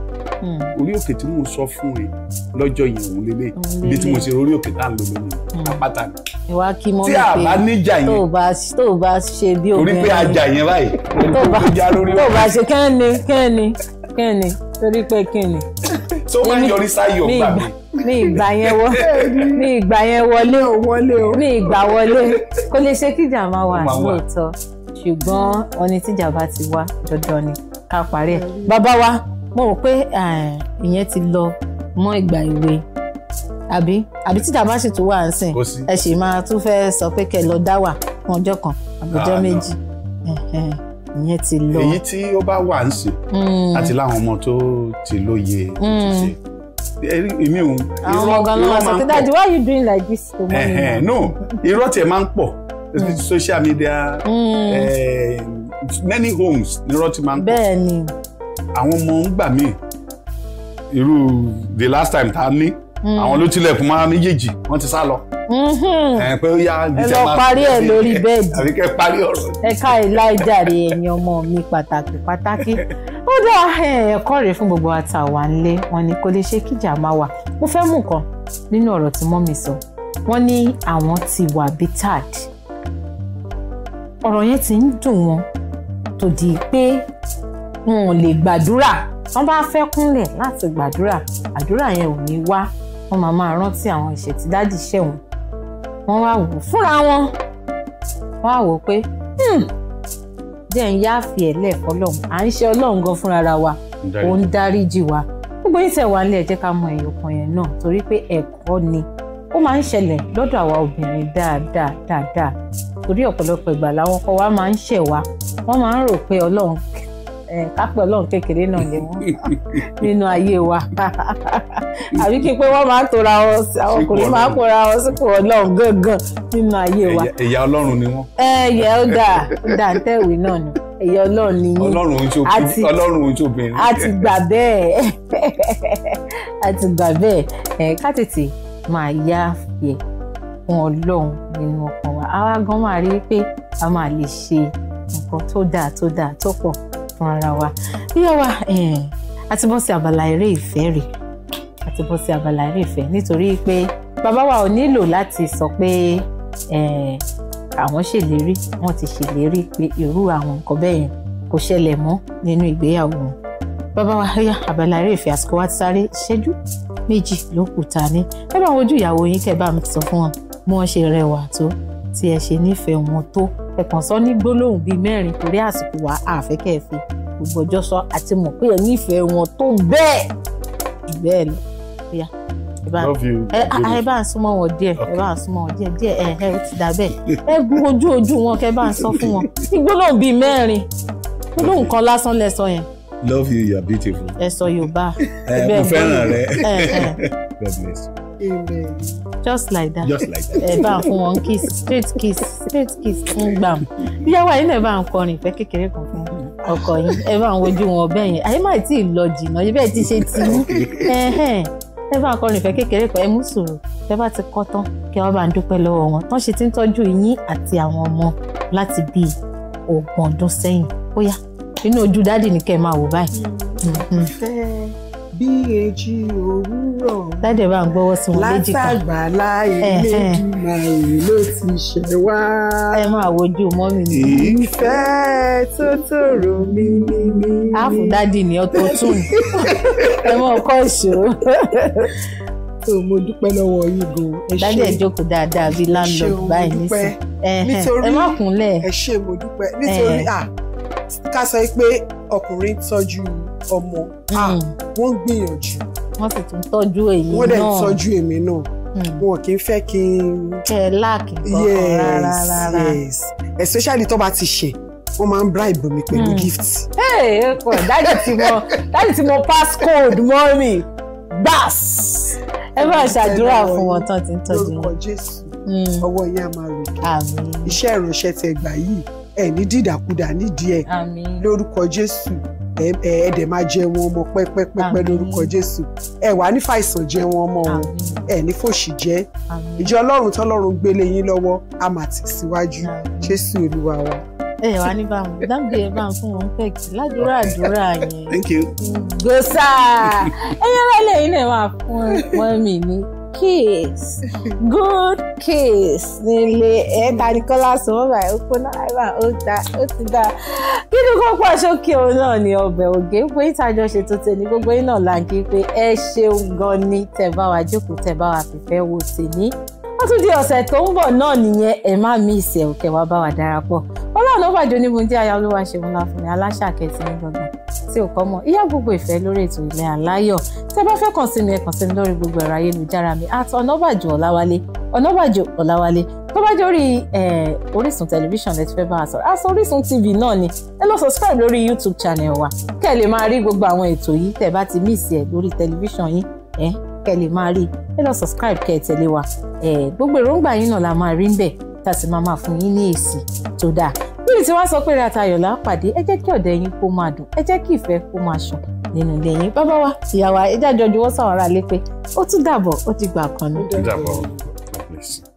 hmm. orí òkè tí mo sọ fún ẹ lọ́jọ́ yẹn òun lélẹ̀ ibi tí mo ṣe orí òkè tá à ń lò lónìí apáta hmm. ni. ìwà kí mọ́ mi pé tí a bá níjà yẹn tó bá tó bá ṣe bí obìnrin torí pé ajá yẹn báyìí tó bá tó bá ṣe kẹ́ni kẹ́ni kẹ́ni torí pé kẹ́ni. tó máa yọrí sáyọ̀ gbà mí mi ìgbà yẹn wọ mi ìgbà yẹn wọlé o wọlé o mi ìgbà wọlé kó lè ṣe kíjà máa wà lóòótọ́ ṣùgbọ́n ọni tíjà bá ti wá dandan ni ká parí ẹ̀ bàbá wa mo rò pé ìyẹn ti lọ mọ́ ìgbà ìwé àbí àbí títà bá sì tún wà ń ẹ sì máa tún fẹ́ sọ pé kẹ́ lọ dá wà fún ọjọ́ kan àbújọ́ méjì ìyẹn ti lọ. èyí tí ó bá wà ń hmm. àti láwọn ọmọ tó ti lóye ojúṣe hmm. èmi ò àwọn ọmọ gan-an sọ pé dájú why you doing like this to me. no irọ́ tiẹ̀ máa ń pọ̀ hmm. social media. Mm. Eh, many homes ni rọtí máa ń kọ bẹ́ẹ̀ni àwọn ọmọ ń gbà míì irú the last time tá a ní hmm. àwọn ló tilẹ̀kùn máa méjèèjì wọ́n ti sá lọ. Hmm. pé ó yá ibi tí a máa ẹ lọ parí ẹ lórí bẹ́ẹ̀dì àbí kẹ́ parí ọ̀rọ̀. ẹ ká ìláìjàre ẹ̀yin ọmọ mi pàtàkì pàtàkì ó dá ẹ̀kọ́ rẹ̀ fún gbogbo àtàwà ńlẹ̀ wọ́n ní kò lè ṣe kíjà máa wà mo fẹ́ mú nǹkan nínú ọ̀rọ̀ tí mọ́mì sọ wọ́n ní àwọn ti wà bittard ọ̀rọ̀ yẹn ti ń dùn wọ́n tó di pé wọn ò lè gbàdúrà wọ́n bá fẹ́ kúnlẹ̀ láti gbàdúrà àdúrà yẹn ò ní wá wọ́n máa máa rántí àwọn ẹ̀ṣẹ̀ tí dádì ṣẹ̀ wọ́n wọ́n wá wò fúnra wọn wọ́n á wò pé hmm, jẹ́ ń yá fi ẹ̀lẹ́ fọlọ́run à ń ṣe ọlọ́run gan fúnra ra wa ó ń dáríjì wa gbogbo yín tẹ̀ wá nílé ẹ jẹ́ ká mọ ẹ̀yọ̀kan yẹn náà torí pé ẹ̀kọ́ ni ó máa ń ṣẹlẹ̀ lọ́dọ̀ àwa obìnrin dáadáa dáadáa torí ọ̀pọ̀lọpọ̀ ìgbà làwọn ọkọ wa máa ń ṣẹ̀ wá wọ́n máa ń rò pé ọlọ́run kápẹ́ ọlọ́run kékeré náà ni wọ́n nínú ayé wa àbí kí pé wọ́n máa ń tora ọ àwọn ọkùnrin máa ń kóra ọ sípò ọlọ́run gángan nínú ayé wa. ẹ̀yà ọlọ́run ni wọ́n. ẹ̀yà ó dà dà ń tẹ̀wé náà ni ẹ̀yà ọlọ́run ni yín ọlọ́run ojú obìnrin. a ti gbà bẹ́ẹ̀ a ti gbà bẹ́ẹ̀ ká tètè máa yá yẹ fún ọlọ́run nínú ọkàn wa àwa gan máa rí pé a máa lè ṣe nǹkan tó dáa tó dáa tó pọ̀ fún ara wa yíyá wa a ti bọ́ sí abala eré ìfẹ́ rè a ti bọ́ sí abala eré ìfẹ́ nítorí pé bàbá wa ò nílò láti sọ pé àwọn ṣèlérí wọn ti ṣèlérí pé irú àwọn nǹkan bẹ́ẹ̀ yẹn kò ṣẹlẹ̀ mọ́ nínú ìgbéyàwó wọn bàbá wa yá abala eré ìfẹ́ àsìkò wa ti sáré ìṣẹ́jú méjì ló kù ta ní ẹ bá wojú ìyàwó yín kẹ́ bá mi sọ fún wọn bí wọ́n ṣe rẹwà tó tí ẹ ṣe nífẹ̀ẹ́ wọn tó ẹ̀kàn sọ ní gbólóhùn bíi mẹ́rin torí àsìkò wa àfẹ́kẹ́ fi gbogbo ọjọ́ sọ àti mọ̀ pé ẹ nífẹ̀ẹ́ wọn tó bẹ́ẹ̀ jù bẹ́ẹ̀ lọ ẹ bá ń súnmọ́ wọn díẹ̀ ẹ bá ń súnmọ́ wọn díẹ̀ díẹ̀ ẹ ẹ ti dà bẹ́ẹ̀ ẹ gun ojú ojú wọn kẹ bá ń sọ fún wọn ní gbólóhùn bíi mẹ́rin gbólóhùn kan lásán lẹ sọ yẹn. love you you are beautiful. ẹ sọ Yorùbá. ẹ mo fẹ́ràn rẹ. God bless you. Amen. Just like that. Just like that. Ẹ bá fún wọn kiss straight kiss straight kiss ń gbàm. Ìyàwó ayé náà bá ń kọrin ìfẹ́ kékeré kan fún ọkọ yín. Ẹ bá ń wojú wọn bẹ́ẹ̀ yẹn. Ayé máa tí ì lọ jìnnà, ibẹ̀ ti ṣe ti yín. Ẹ bá ń kọrin ìfẹ́ kékeré kan, ẹ mú sùúrù. Ẹ bá ti kọ́ tán, kí wọ́n bá ń dúpẹ́ lọ́wọ́ wọn. Tán ṣe ti ń tọ́jú yín àti àwọn ọmọ láti bíi ogún ọdún sẹ́yìn. Ó yá, inú ojú dádì ni kẹ́ máa wò báyìí bíèjì òwúrọ̀. láìdè bá ń gbọ́wọ́ sí wọn léjì kan látàgbàlá Elédùmarè ló ti ṣẹ̀ wá. ẹ máa wojú mọ́mì mi. ìfẹ́ tó tòrò mi ni mi. áàfù dádì ni ọtọ tún ẹ mọ ọkọ ìṣòro. tó mo dúpẹ́ lọ́wọ́ yín gan. dádì ẹ̀ jókòó dáadáa bíi landlord báyìí nísìnyí. ẹ má kúnlẹ̀. ẹ ṣé mo dúpẹ́ nítorí ká sọ pé ọkùnrin tọ́jú ọmọ hmm. ah, wọ́n ń gbìyànjú. wọ́n sì tún tọ́jú èyí náà wọ́n dẹ̀ tọ́jú èmi náà hmm. wọn kì í fẹ́ kí n. kẹ ẹ láàkì kọkàn rárá rárá yes especially tó bá ti ṣe wọ́n máa ń bribe mi pẹ̀lú hmm. gift. ẹ ẹ kọ dájú tí mo dájú tí mo pass code mọ́ mi gbàs ẹ máa ṣàdúrà fún wọn tán ti ń tọ́jú wọn. lórúkọ jésù ọwọ́ yẹn a máa rògbò iṣẹ́ ìránṣẹ́ tẹ gbà yìí ẹ̀ ní dìdàkudà nídìí ẹ̀ lórúkọ jésù ẹ̀ẹ́dẹ̀ máa jẹ wọn ọmọ pẹ́pẹ́pẹ́pẹ́ lórúkọ Jésù ẹ wà ní fàìsàn jẹ wọn ọmọ wọn ẹ ní fòṣì jẹ ìjọ Ọlọ́run tọ́lọ́run gbélé yín lọ́wọ́ a máa tì síwájú Jésù Olúwa wa. ẹ wà ní báwọn dáńgbé ẹ bá ń fún wọn pẹ́ẹ́kì ládùúrà àdúrà yẹn gbèsà ẹyẹ lẹ́lẹ̀ yìí lè máa fún wọn mi ní kiss good kiss nílé ẹ̀ẹ́ta ní kọ́lá sọ wọ́n báyìí ó kó náírà ó da ó ti da kí ni kókó àṣókè òun náà ni ọbẹ̀ ògé pé ìtajà ṣètò tèmi gbogbo iná là ń kí pé ẹ ṣeun gan ni tẹ bá wa jókòó tẹ bá wa fìfẹ́ wo tèmi ó tún di ọ̀sẹ̀ tó ń bọ̀ náà nìyẹn ẹ má mí ìsẹ̀ òkè wa bá wa darapọ̀ ọlọ́run ó bàjẹ́ oníbundí ayáolúwa ṣeun láfúnni aláṣà kẹsàn-án gbọ̀ngàn tí ò kọ́ mọ̀ ìyá gbogbo ìfẹ́ lórí ètò ilẹ̀ aláyọ̀ tẹ́ bá fẹ́ kàn sí mi ẹ kàn sí mi lórí gbogbo ẹ̀rọ ayélujára mi at ọ̀nàbàjò ọ̀làwálé ọ̀nàbàjò ọ̀làwálé tó bá jẹ́ orí orísun tẹlifíṣàn lẹ́tí fẹ́ bá a sọ̀rọ̀ àṣọ orísun tv náà ni ẹ lọ subscribe lórí youtube channel wa kẹ́ ẹ lè máa rí gbogbo àwọn ètò yìí tẹ́ bá ti miss ẹ̀ lórí tẹlifíṣàn yín ẹ̀ kẹ́ ẹ lè máa rí ẹ lọ subscribe kẹ́ ẹ tẹ̀lé wa gbogbo èròǹgbà yín náà la máa rí ń bẹ̀ tá a sì máa máa fún yín ní èsì tó dáa bíbélì ti wá sọ pé ratayọ̀ là pàdé ẹ jẹ́ kí ọ̀dẹ̀ yín kó máa dùn ẹ jẹ́ kí ìfẹ́ kó máa ṣàn nínú ilé yín bàbá wa tìyàwó ẹ jájọ juwọ́ sáwọn ará lé pé ó tún dàbọ̀ ó ti gbà kan ní. ó dàbọ̀ God bless you.